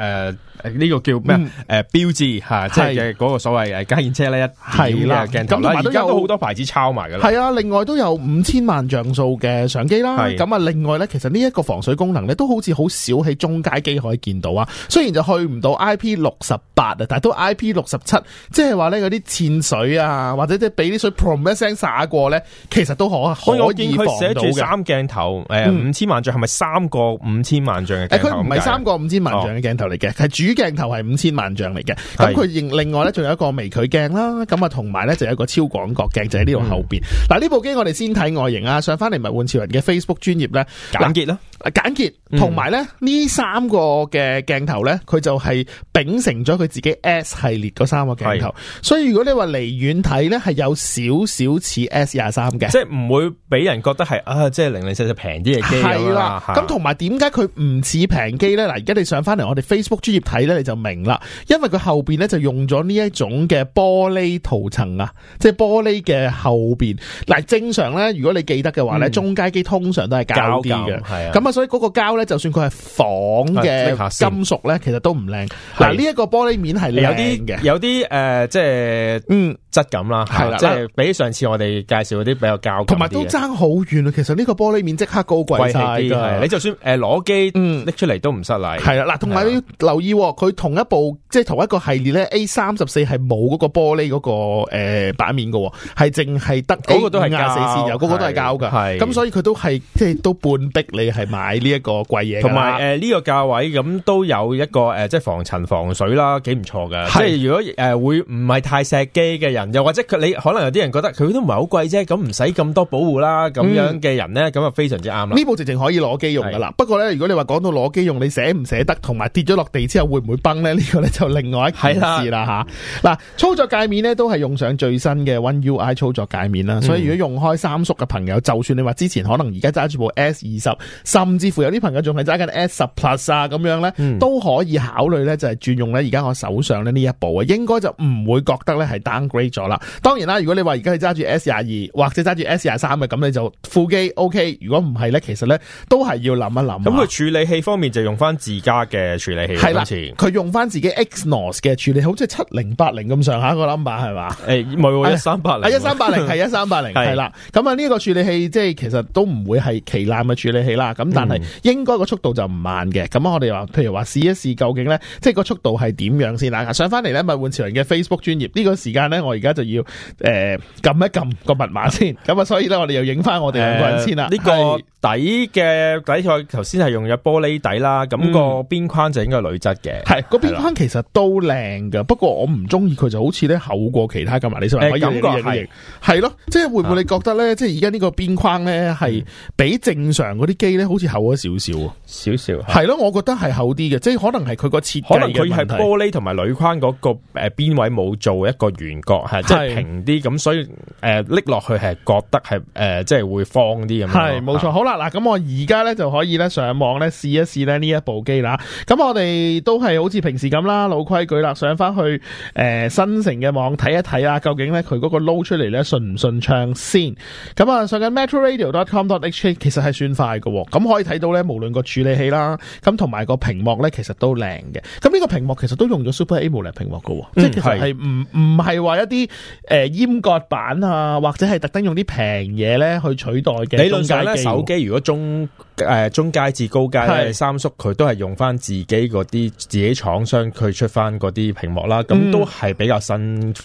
[SPEAKER 1] 誒，呢個叫咩誒標誌吓，即係嗰個所謂誒家宴車咧，一係啦，鏡頭啦，而家都好多牌子抄埋噶。係
[SPEAKER 3] 啊，另外都有五千萬像素嘅相機啦。咁的啊，另外咧，其實呢一個防水功能咧，都好似好少喺中階機可以見到啊。雖然就去唔到 I P 六十八啊，但係都 I P 六十七，即係話咧嗰啲濺水啊，或者即係俾啲水嘭一聲灑過咧，其實都可可以防到嘅。咁我見佢寫住三
[SPEAKER 1] 鏡頭，誒、嗯，五千萬像係咪三個五千萬像嘅？佢唔係三個五千萬像嘅鏡頭嚟嘅，係、哦、主鏡頭係五千萬
[SPEAKER 3] 像嚟嘅。咁佢另另外呢，仲有一個微距鏡啦。咁啊，同埋呢，就有一個超廣角鏡就喺呢度後邊。嗱、嗯，呢部機我哋先睇外形啊。上翻嚟物玩潮人嘅 Facebook 專頁呢，簡潔囉。簡潔，同埋咧呢、嗯、三個嘅鏡頭咧，佢就係秉承咗佢自己 S 系列嗰三個鏡頭，是的 所以如果你話離遠睇咧，係有少少
[SPEAKER 1] 似 S 廿三嘅，即係唔會俾人覺得係啊，即係零零碎碎平啲嘅機啦。咁
[SPEAKER 3] 同埋點解佢唔似平機咧？嗱，而家你上翻嚟我哋 Facebook 專頁睇咧，你就明啦，因為佢後面咧就用咗呢一種嘅玻璃塗層啊，即係玻璃嘅後面。嗱，正常咧，如果你記得嘅話咧，嗯、中階機通常都係膠啲嘅，咁啊。所以嗰個膠咧，就算佢係仿嘅金屬咧，其實都唔靚。嗱，呢一個玻璃面係靚有啲有
[SPEAKER 1] 啲誒，即係嗯質感啦，係啦，即係比上次我哋介紹嗰啲比較膠，同埋都爭
[SPEAKER 3] 好遠。其實呢個玻璃面即刻高貴曬，你就
[SPEAKER 1] 算誒攞機，拎出嚟都唔失禮。係啦，嗱，同
[SPEAKER 3] 埋你要留意，佢同一部即係同一個系列咧，A 三十四係冇嗰個玻璃嗰個版面嘅，係淨係得嗰個都係膠，A54 先有嗰個都係膠㗎。咁，所以佢都係即係都半壁，你係。買呢
[SPEAKER 1] 一個貴嘢，同埋誒呢個價位咁都有一個誒、呃、即係防塵防水啦，幾唔錯噶。是的 即係如果誒、呃、會唔係太石機嘅人，又或者佢你可能有啲人覺得佢都唔係好貴啫，咁唔使咁多保護啦，咁樣嘅人咧，咁啊、嗯、非常之啱啦,啦。呢部直情可以攞機用噶啦。
[SPEAKER 3] 不過咧，如果你話講到攞機用，你捨唔捨得，同埋跌咗落地之後會唔會崩咧？呢、這個咧就另外一件事啦吓。嗱，是的 啊、操作界面咧都係用上最新嘅 One UI 操作界面啦。嗯嗯所以如果用開三叔嘅朋友，就算你話之前可能而家揸住部 S 二十三。甚至乎有啲朋友仲係揸緊 S 十 Plus 啊，咁樣咧都可以考慮咧，就係轉用咧而家我手上咧呢一部啊，應該就唔會覺得咧係 downgrade 咗啦。當然啦，如果你話而家去揸住 S 廿二或者揸住 S 廿三嘅，咁你就副機 OK。如果唔係咧，其實咧都係要諗一諗。
[SPEAKER 1] 咁佢、嗯、處理器方面就用翻自家嘅處理器，係啦，佢次用
[SPEAKER 3] 翻自己 Exynos 嘅處理器，好似七零八零咁上下個 number 係嘛？
[SPEAKER 1] 誒，唔係一三八零，一三八零係一三
[SPEAKER 3] 八零，係啦。咁啊對，呢個處理器即係其實都唔會係旗艦嘅處理器啦。咁但係應該個速度就唔慢嘅，咁我哋話，譬如話試一試究竟咧，即係個速度係點樣先啦。上翻嚟咧，物玩潮人嘅 Facebook 專頁呢、呢個時間咧，我而家就要誒撳、呃、一撳個密
[SPEAKER 1] 碼先。咁啊，所以咧，我哋又影翻我哋兩個人先啦。呢、呃呢個底嘅是底蓋頭先係用咗玻璃底啦，咁、那個邊框就應該係鋁質嘅。係、嗯，
[SPEAKER 3] 個邊框其實都靚嘅，不過我唔中意佢就好似咧厚過其他咁。麥李生。誒、呃，係係咯，即係會唔會你覺得咧，啊、即係而家呢個邊框咧係比正常嗰啲機咧好似？厚咗少
[SPEAKER 1] 少，少少
[SPEAKER 3] 係咯，我覺得係厚啲嘅，即係可能係佢個設計，可能佢係玻
[SPEAKER 1] 璃同埋鋁框嗰個誒邊位冇做一個圓角，係即係平啲，咁所以誒拎落去係覺得係誒、呃、即係會方啲咁。係冇錯，
[SPEAKER 3] 好啦，嗱咁我而家咧就可以咧上網咧試一試咧呢一部機啦。咁我哋都係好似平時咁啦，老規矩啦，上翻去誒、呃、新城嘅網睇一睇啦，究竟咧佢嗰個撈出嚟咧順唔順暢先。咁啊，上緊 metroradio dot com dot hk 其實係算快嘅，咁可以睇到咧，無論個處理器啦，咁同埋個屏幕咧，其實都靚嘅。咁呢個屏幕其實都用咗 Super AMOLED 屏幕噶，嗯、即係其實係唔唔係話一啲誒閹割版啊，或者係特登用啲平嘢咧去取代嘅。理論界咧，手機
[SPEAKER 1] 如果中誒，中階至高階三叔佢都係用翻自己嗰啲自己廠商佢出翻嗰啲屏幕啦，咁都係比較新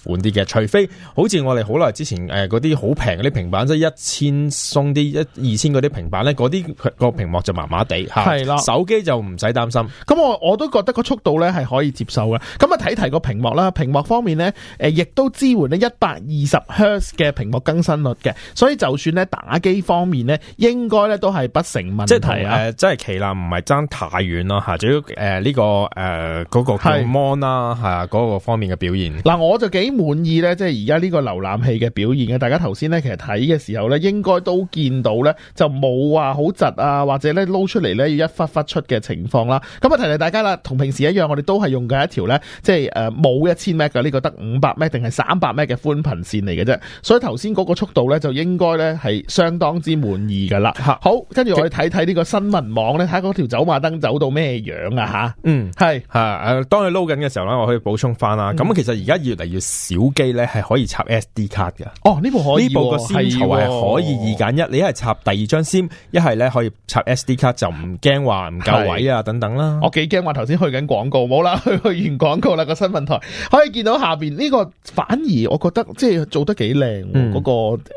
[SPEAKER 1] 款啲嘅。嗯、除非好似我哋好耐之前誒嗰啲好平嗰啲平板，即係一千鬆啲一,一二千嗰啲平板咧，嗰啲，個屏幕就麻麻地吓。係啦的，手機就唔使擔心。咁我我都覺得個速度咧係可以接受嘅。咁啊，睇
[SPEAKER 3] 睇個屏幕啦，屏幕方面咧，誒，亦都支援咧一百二十赫茲嘅屏幕更新率嘅，所以就算咧打機方面咧，應該咧都係不成。即係同誒，
[SPEAKER 1] 即係旗艦唔係爭太遠咯吓，主要誒呢個誒嗰、呃那個叫 mon 啦吓，嗰是、啊那個方面嘅表現。嗱，我就幾滿意
[SPEAKER 3] 咧，即係而家呢個瀏覽器嘅表現嘅。大家頭先咧其實睇嘅時候咧，應該都見到咧就冇話好窒啊，或者咧撈出嚟咧要一忽忽出嘅情況啦。咁啊，提提大家啦，同平時一樣，我哋都係用嘅一條咧，即係誒冇一千 M 呢個得五百 M 定係三百 M 嘅寬頻綫嚟嘅啫。所以頭先嗰個速度咧就應該咧係相當之滿意噶啦。吓，好，跟住我哋睇。睇呢個新聞網咧，睇嗰條走馬燈走到咩樣啊？
[SPEAKER 1] 吓，嗯，係吓誒，當你撈緊嘅時候咧，我可以補充翻啦。咁、嗯、其實而家越嚟越少機咧，係可以插 SD card 的 S D 卡嘅。哦，呢部可呢、啊、部個先頭係可以二揀一，1, 哦、你一係插第二張先。一係咧可以插 S D 卡，就唔驚話唔夠位啊是等等啦。我幾驚話頭先去緊廣告，冇啦，去去完廣告啦、嗰個新
[SPEAKER 3] 聞台，可以見到下邊呢、這個反而我覺得即係做得幾靚嗰個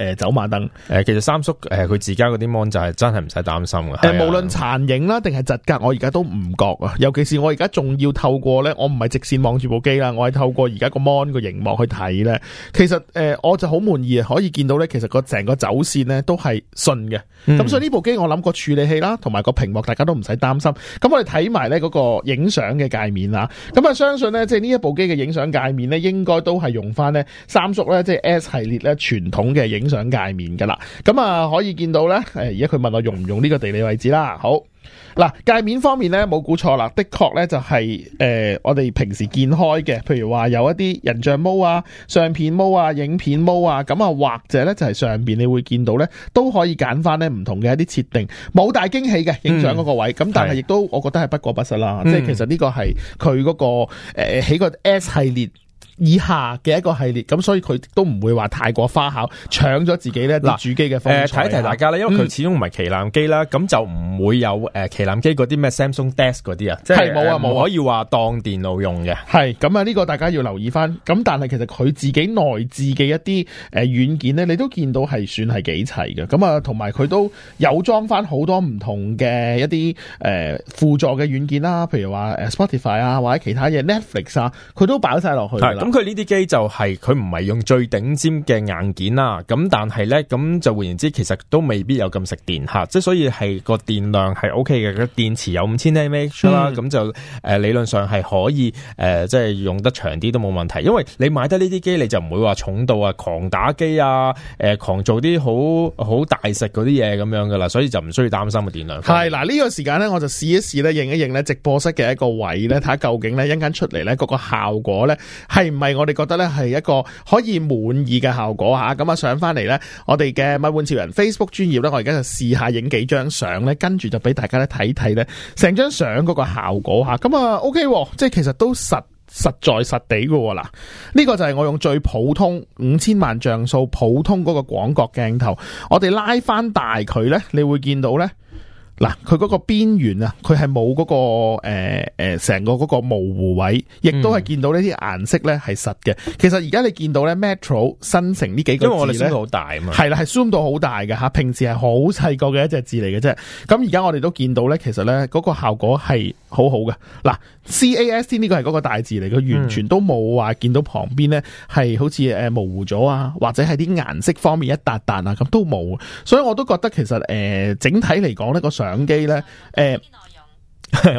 [SPEAKER 3] 誒走馬燈。誒、呃，其實三叔誒佢自家嗰啲 mon 就係真係唔使擔心。無論殘影啦，定係窒格，我而家都唔覺啊。尤其是我而家仲要透過呢，我唔係直線望住部機啦，我係透過而家個 Mon 個熒幕去睇呢。其實誒，我就好滿意可以見到呢，其實個成個走線呢都係順嘅。咁、嗯、所以呢部機我諗個處理器啦，同埋個屏幕，大家都唔使擔心。咁我哋睇埋呢嗰個影相嘅界面啦咁啊，相信呢，即係呢一部機嘅影相界面呢，應該都係用翻呢三叔呢，即係 S 系列呢傳統嘅影相界面噶啦。咁啊，可以見到呢，而家佢問我用唔用呢個地方？你位置啦，好嗱，界面方面咧冇估錯啦，的確咧就係、是、誒、呃，我哋平時見開嘅，譬如話有一啲人像模啊、相片模啊、影片模啊，咁啊，或者咧就係上邊你會見到咧，都可以揀翻咧唔同嘅一啲設定，冇大驚喜嘅影像嗰個位，咁、嗯、但係亦都我覺得係不過不失啦，嗯、即係其實呢個係佢嗰個誒、呃、起個 S 系列。以下嘅一個系列，咁所以佢都唔會話太過花巧，搶咗
[SPEAKER 1] 自己
[SPEAKER 2] 呢啲主機嘅風頭。提提大家啦，因為佢始
[SPEAKER 1] 終唔係旗艦機啦，咁、嗯、就唔會有誒、呃、旗艦機嗰啲咩 Samsung Desk 嗰啲啊，即係冇啊，冇可以話當電腦用嘅。係咁啊，呢
[SPEAKER 3] 個大家要留意翻。咁但係其實佢自己內置嘅一啲誒軟件咧，你都見到係算係幾齊嘅。咁啊，同埋佢都有裝翻好多唔同嘅一啲
[SPEAKER 1] 誒輔助嘅軟件啦，譬如話 Spotify 啊，或者其他嘢 Netflix 啊，佢都擺晒落去。佢呢啲機就係佢唔係用最頂尖嘅硬件啦，咁但係咧，咁就換言之，其實都未必有咁食電嚇，即係所以係個電量係 O K 嘅，個電池有五千 mAh 啦、嗯，咁、呃、就理論上係可以即係、呃、用得長啲都冇問題。因為你買得呢啲機，你就唔會話重度啊，狂打機啊，呃、狂做啲好好大食嗰啲嘢咁樣噶啦，所以就唔需要擔心個電量。係嗱，呢、呢個時間
[SPEAKER 3] 咧，我就試一試咧，認一認咧，直播室嘅一個位咧，睇下究竟咧一陣出嚟咧，嗰個效果咧唔係我哋覺得呢係一個可以滿意嘅效果吓，咁啊上翻嚟呢，我哋嘅物玩潮人 Facebook 專頁呢，我而家就試下影幾張相呢，跟住就俾大家咧睇睇呢成張相嗰個效果吓，咁啊 OK，啊即係其實都實實在實地嘅。嗱，呢、啊，這個就係我用最普通五千萬像素普通嗰個廣角鏡頭，我哋拉翻大佢呢，你會見到呢。嗱，佢嗰個邊緣啊，佢係冇嗰個誒、呃、成個嗰個模糊位，亦都係見到呢啲顏色咧係實嘅。其實而家你見到咧 Metro 新城呢幾個字咧，係啦，係 zoom 到好大嘅吓，平時係好細個嘅一隻字嚟嘅啫。咁而家我哋都見到咧，其實咧嗰個效果係好好嘅。嗱，啊，C A S 呢個係嗰個大字嚟，佢完全都冇話見到旁邊咧係好似誒模糊咗啊，或者係啲顏色方面一笪笪啊咁都冇。所以我都覺得其實誒，呃，整體嚟講咧個相相機咧，誒，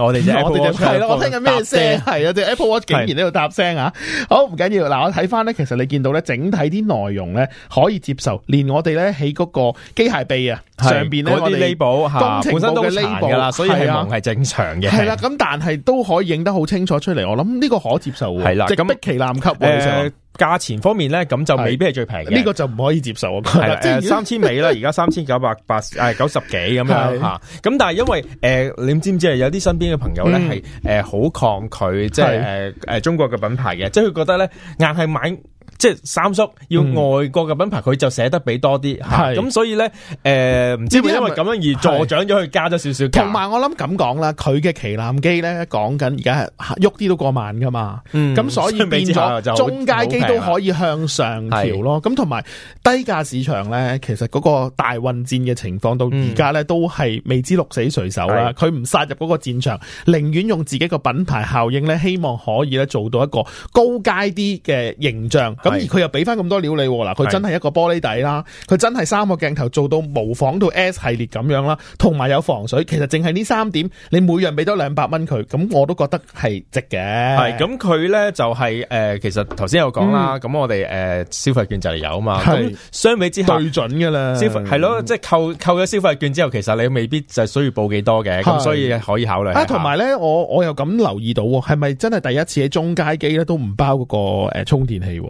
[SPEAKER 3] 我哋真係我哋係咯，我聽緊咩聲？係啊，隻 Apple Watch 竟然喺度搭聲啊！好，唔緊要。嗱，我睇翻咧，其實你見到咧，整體啲內容咧可以接受，連我哋咧喺嗰個機械臂啊上邊咧，啲 label，我哋工程都殘噶啦，所以係
[SPEAKER 1] 係正常嘅。係啦，
[SPEAKER 3] 咁但係都可以影得好清楚出嚟。我諗呢個可接受。係啦，直
[SPEAKER 1] 逼旗艦級，其實。價錢方面咧，咁就未必係最平嘅。呢個就唔可以接受啊！係誒，三千尾啦，而家三千九百八誒，九十幾咁樣吓。咁 的的但係因為誒、呃，你知唔知係有啲身邊嘅朋友咧，係誒好抗拒即係誒誒，中國嘅品牌嘅，即係佢覺得咧硬係買。即係三叔要外國嘅品牌，佢、嗯、就捨得俾多啲，係咁是所以咧，誒、呃、唔知因為咁樣而助長咗佢加咗少少。同埋
[SPEAKER 3] 我諗咁講啦，佢嘅旗艦機咧，講緊而家係喐啲都過萬噶嘛，咁、嗯、所以變咗中階機都可以向上調咯。咁同埋低價市場咧，其實嗰個大混戰嘅情況到而家咧都係未知鹿死誰手啦。佢唔殺入嗰個戰場，寧願用自己個品牌效應咧，希望可以咧做到一個高階啲嘅形象咁。而佢又俾翻咁多料你嗱，佢真係一個玻璃底啦，佢真係三個鏡頭做到模仿到 S 系列咁樣啦，同埋有，有防水，其實淨係呢三點，你每樣俾多兩百蚊佢，咁我都覺得係值嘅。係咁，
[SPEAKER 1] 佢咧就係、是、誒、呃，其實頭先、嗯呃、有講啦，咁我哋誒消費券就有啊嘛。咁對相比之後最準噶啦，係咯，即係扣扣咗消費券之後，其實你未必就係需要報幾多嘅，咁的所以可以考慮。啊，同
[SPEAKER 3] 埋咧，我我又咁留意到，係咪真係第一次喺中階機咧都唔包嗰個誒充電器？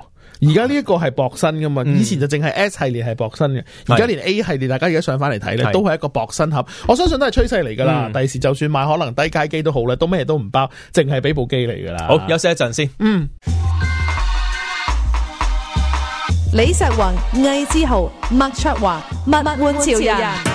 [SPEAKER 3] 而家呢一個係薄身噶嘛，以前就淨係 S 系列係薄身嘅，而家、嗯、連 A 系列，大家而家上翻嚟睇咧，都係一個薄身盒。我相信都係趨勢嚟噶啦，第時就算買可能低階機都好啦，都咩都唔包，淨係俾部機嚟噶啦。好，休息一陣先。嗯。
[SPEAKER 2] 李石宏、魏之豪、麥卓華、物玩潮人。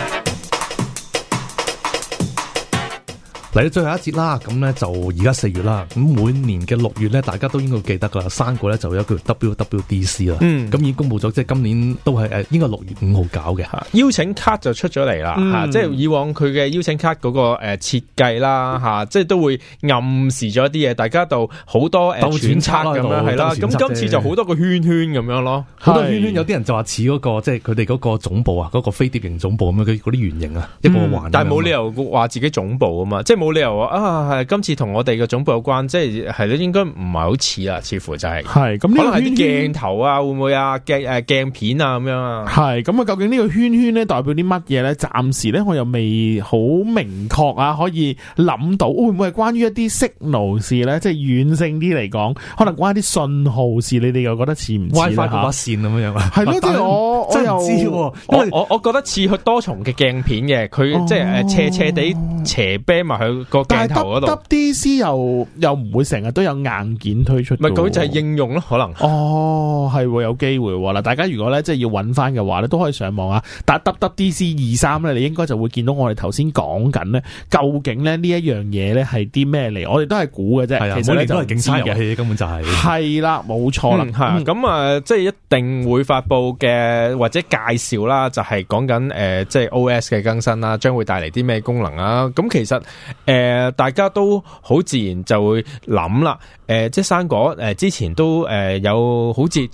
[SPEAKER 2] 嚟到最後一節啦，咁咧就而家四月啦，咁每年嘅六月咧，大家都應該記得噶啦。生果咧就有一個 WWDC 啦，嗯，咁已經公佈咗，即係今年都係誒，應該六月
[SPEAKER 1] 五號搞嘅嚇。邀請卡就出咗嚟啦嚇，嗯、即係以往佢嘅邀請卡嗰個誒設計啦嚇，嗯、即係都會暗示咗一啲嘢，大家度好多誒揣測咁樣係啦。咁今的次就好多個圈圈咁樣咯，
[SPEAKER 2] 好是多圈圈，有啲人就話似嗰個即係佢哋嗰個總部啊，嗰、嗰個飛碟型總部咁樣，佢嗰啲圓形啊，嗯、一個環。但係冇理
[SPEAKER 1] 由話自己總部啊嘛，即冇理由啊！啊，係今次同我哋嘅總部有關，即係係應該唔係好似啊，似乎就係係咁，嗯、可能係啲鏡頭啊，圈圈會唔會啊鏡誒鏡片啊咁樣啊？係咁
[SPEAKER 3] 啊？究竟呢個圈圈咧代表啲乜嘢咧？暫時咧我又未好明確啊，可以諗到會唔會係關於一啲 signal 事咧？即係遠性啲嚟講，可能關啲信號事，你哋又覺得似唔似
[SPEAKER 2] 咧？咁係咯，即
[SPEAKER 3] 係的我即係我，、啊、
[SPEAKER 1] 我，我我覺得似佢多重嘅鏡片嘅，佢即係誒斜斜地斜啤埋去。個鏡頭嗰度，但 WWDC 又又唔會成日都有硬件推出，唔係佢就係
[SPEAKER 3] 應用咯，可能哦，係喎，有機會嗱。大家如果咧即係要揾翻嘅話咧，都可以上網啊。但 WWDC 二三，咧，你應該就會見到我哋頭先講緊咧，究竟咧呢一樣嘢咧係啲咩嚟？我哋都係估嘅啫，的其實，你都係警山嘅，
[SPEAKER 1] 根本就係、是、係啦，冇錯啦，咁啊、嗯，即係一定會發布嘅或者介紹啦，就係講緊誒，即係 O S 嘅更新啦，將會帶嚟啲咩功能啊？咁其實。呃、大家都好自然就會諗啦、呃。即係生果、呃，之前都呃有好似，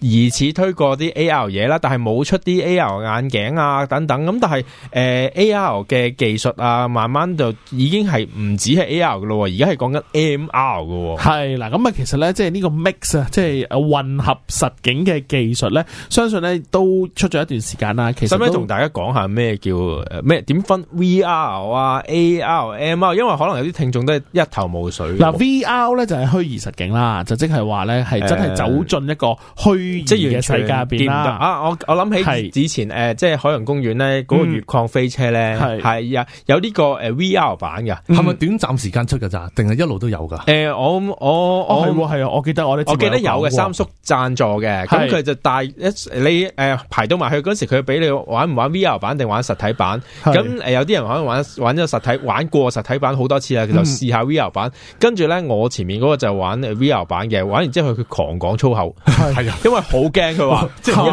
[SPEAKER 1] 疑似推過啲 A.R 嘢啦，但係冇出啲 A.R 眼鏡啊等等，咁但係誒、呃、A.R 嘅技術啊，慢慢就已經係唔止係 A.R 喇咯，而家係講緊 M.R 噶、哦。係啦，咁啊其實咧，即係呢個 mix 啊，即係混合實景嘅技術咧，相信咧都出咗一段時間啦。其實可唔可以同大家講下咩叫咩點分 V.R 啊 A.R.M.R？、啊啊、因為可能有啲聽眾都係一頭霧水、哦。嗱、啊、
[SPEAKER 3] V.R 咧就係虛擬實景啦，就即係話咧係真係走
[SPEAKER 1] 進一個虛。即係而世界變啊！我我諗起之前誒，即係海洋公園咧嗰個月礦飛車咧，係啊有呢個誒 VR 版
[SPEAKER 2] 噶，係咪短暫時間出噶咋？定係一路都有噶？
[SPEAKER 1] 誒，我我我係係我記得我咧，我記得有嘅三叔贊助嘅，咁佢就帶一你誒排到埋去嗰時，佢俾你玩唔玩 VR 版定玩實體版？咁誒有啲人可能玩玩咗實體，玩過實體版好多次啦，佢就試下 VR 版。跟住咧，我前面嗰個就玩 VR 版嘅，玩完之後佢狂講粗口，係因為。好驚佢話，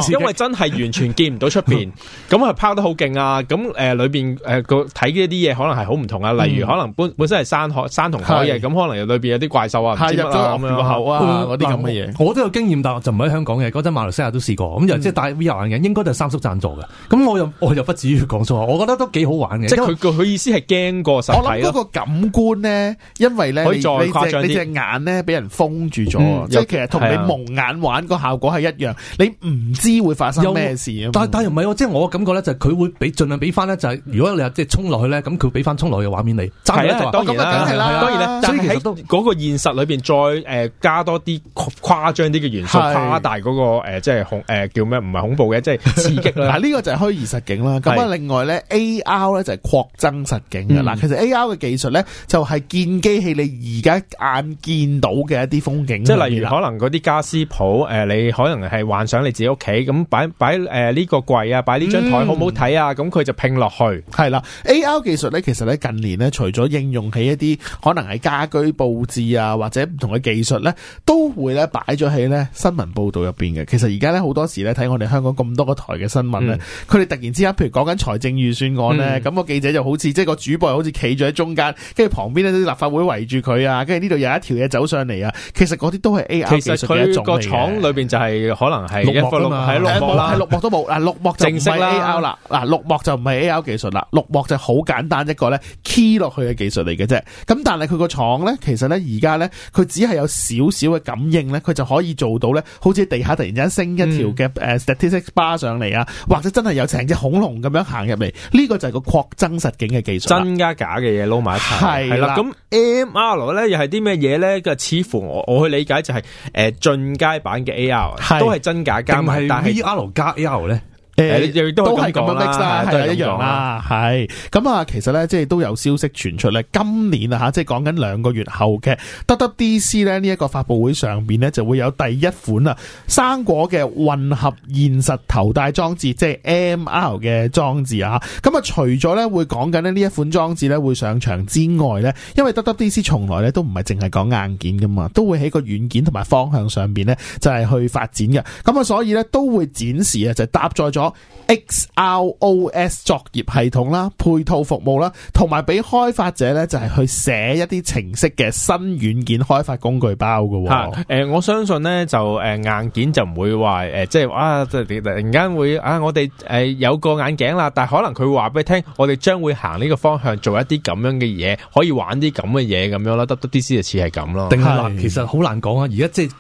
[SPEAKER 1] 因為真係完全見唔到出邊，咁佢拋得好勁啊！咁誒，裏邊誒個睇一啲嘢，可能係好唔同啊。例如可能本本身係山海山同海嘅，咁可能入裏邊有啲怪獸啊，入咗口啊，嗰啲咁嘅嘢。
[SPEAKER 2] 我都有經驗，但我就唔喺香港嘅。嗰陣馬來西亞都試過，咁又即係戴 VR 眼鏡，應該就係三叔贊助嘅。咁我又我又不至於講粗口，我覺得都幾好玩嘅。即係佢佢意思係驚過實際。我諗嗰個
[SPEAKER 3] 感官咧，因為咧你隻呢隻
[SPEAKER 2] 眼咧俾人封住咗，即係其實同你蒙眼玩個效果。係一樣，你唔知會發生咩事但但又唔係喎，即、就、係、是、我感覺咧，就佢會俾盡量俾翻咧，就係如果你即係衝落去咧，咁佢俾翻衝落去嘅畫面你、就是。係啦、啊，當然啦、哦啊，當然啦。當然所以喺嗰個現實裏邊，再、呃、誒加多啲
[SPEAKER 1] 誇張啲嘅元素，誇大嗰、那個誒即係恐誒叫咩？唔、呃、係恐怖嘅，即、就、係、是、刺激啦。嗱、 啊，
[SPEAKER 3] 呢、這個就係虛擬實景啦。咁啊，另外咧 A R 咧就係擴增實景嘅嗱，嗯、其實 A R 嘅技術咧，就係、是、見機器你而家眼見到嘅一啲風景、就是。即係例如可
[SPEAKER 1] 能嗰啲家私鋪誒，你可能係幻想你自己屋企咁擺擺誒呢個櫃、嗯、啊，擺呢張台好唔好睇啊？咁佢就拼落去係啦。A R 技術咧，其實咧近年咧，除咗
[SPEAKER 3] 應用喺一啲可能係家居布置啊，或者唔同嘅技術咧，都會咧擺咗喺咧新聞報道入邊嘅。其實而家咧好多時咧睇我哋香港咁多個台嘅新聞咧，佢哋、嗯、突然之間譬如講緊財政預算案咧，咁個、嗯、記者就好似即係個主播，好似企住喺中間，跟住旁邊呢，啲立法會圍住佢啊，跟住呢度有一條嘢走上嚟啊。其實嗰啲都係 A R 技術嘅。其實佢個廠
[SPEAKER 1] 裡邊就係、是。可能係六,六,六幕啦，係六幕啦，係六幕
[SPEAKER 3] 都冇。嗱六幕就唔係 A R 啦，嗱六幕就唔係 A R 技術啦，六幕就好簡單一個咧，key 落去嘅技術嚟嘅啫。咁但係佢個廠咧，其實咧而家咧，佢只係有少少嘅感應咧，佢就可以做到咧，好似地下突然間升一條嘅誒 Statistics bar 上嚟啊，嗯、或者真係有成隻恐龍咁樣行入嚟，呢、這個就係個擴增實境嘅技術，增加假嘅嘢撈埋一
[SPEAKER 2] 齊係啦。咁
[SPEAKER 1] M R 咧又係啲咩嘢咧？似乎我我去理解就係誒進階版嘅 A R。都係真假加埋，定係 AR
[SPEAKER 2] 加 MR 咧？誒，
[SPEAKER 1] 欸、都係咁樣逼啦，係對一樣啦，
[SPEAKER 3] 係，咁啊！其實咧，即係都有消息傳出咧，今年啊吓，即係講緊兩個月後嘅 WWDC 咧呢一個發佈會上邊呢，就會有第一款啊生果嘅混合現實頭戴裝置，即係 M.R 嘅裝置啊！咁啊，除咗咧會講緊呢呢一款裝置咧會上場之外咧，因為 WWDC 從來咧都唔係淨係講硬件噶嘛，都會喺個軟件同埋方向上邊咧就係去發展嘅。咁啊，所以咧都會展示啊，就係、搭載咗。XROS 作業系統啦，配套服務啦，同埋俾開發者咧就係去寫一啲程式嘅新軟件開發工具包噶。吓，
[SPEAKER 1] 誒、呃，我相信咧就誒、呃、硬件就唔會話誒，即、呃、係、就是、啊，即係突然間會啊，我哋誒、呃、有個眼鏡啦，但係可能佢會話俾你聽，我哋將會行呢個方向做一啲咁樣嘅嘢，
[SPEAKER 2] 可以玩啲咁嘅嘢咁樣啦。WWDC 就似係咁咯，定是是其實好難講啊。而家即係。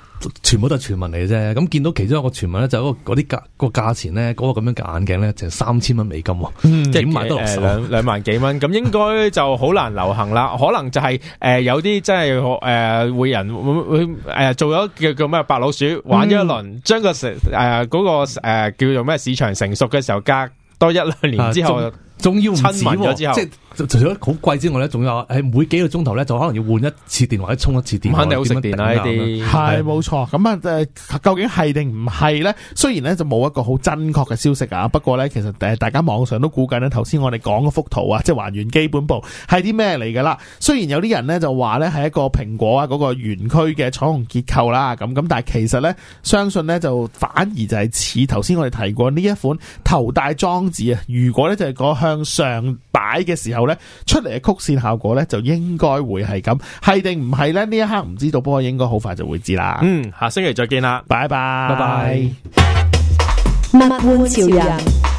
[SPEAKER 2] 全部都係傳聞嚟嘅啫，咁見到其中一個傳聞咧，就、那個嗰啲價個價錢咧，嗰個咁樣嘅眼鏡咧，成三千蚊美金，即係買得落手。兩
[SPEAKER 1] 兩、呃、萬幾蚊，咁 應該就好難流行啦。可能就係、是、誒、呃、有啲真係誒、呃、會人會誒、呃、做咗叫叫咩白老鼠玩咗一輪，將、嗯那個成誒嗰個誒、呃、叫做咩市場成熟嘅時候，隔多一兩年之後。啊仲要唔止喎、啊，之後
[SPEAKER 2] 即係除咗好貴之外咧，仲有喺每幾個鐘頭咧，就可能要換一次電或者充一次電，肯定好識電呢啲，係冇
[SPEAKER 1] 錯。
[SPEAKER 3] 咁啊、呃，究竟係定唔係咧？雖然咧就冇一個好真確嘅消息啊，不過咧其實誒、呃，大家網上都估計咧，頭先我哋講嗰幅圖啊，即係還原基本部係啲咩嚟噶啦？雖然有啲人咧就話咧係一個蘋果啊嗰、嗰個園區嘅彩虹結構啦，咁咁，但係其實咧相信咧就反而就係似頭先我哋提過呢一款頭戴裝置啊，如果咧就係嗰。向上擺嘅時候呢，出嚟嘅曲線效果呢，就應該會係咁，係定唔係呢？呢一刻唔知道，不過應該好快就會知啦。
[SPEAKER 1] 嗯，下星期再見啦，拜拜 bye，拜拜 bye。物玩潮人。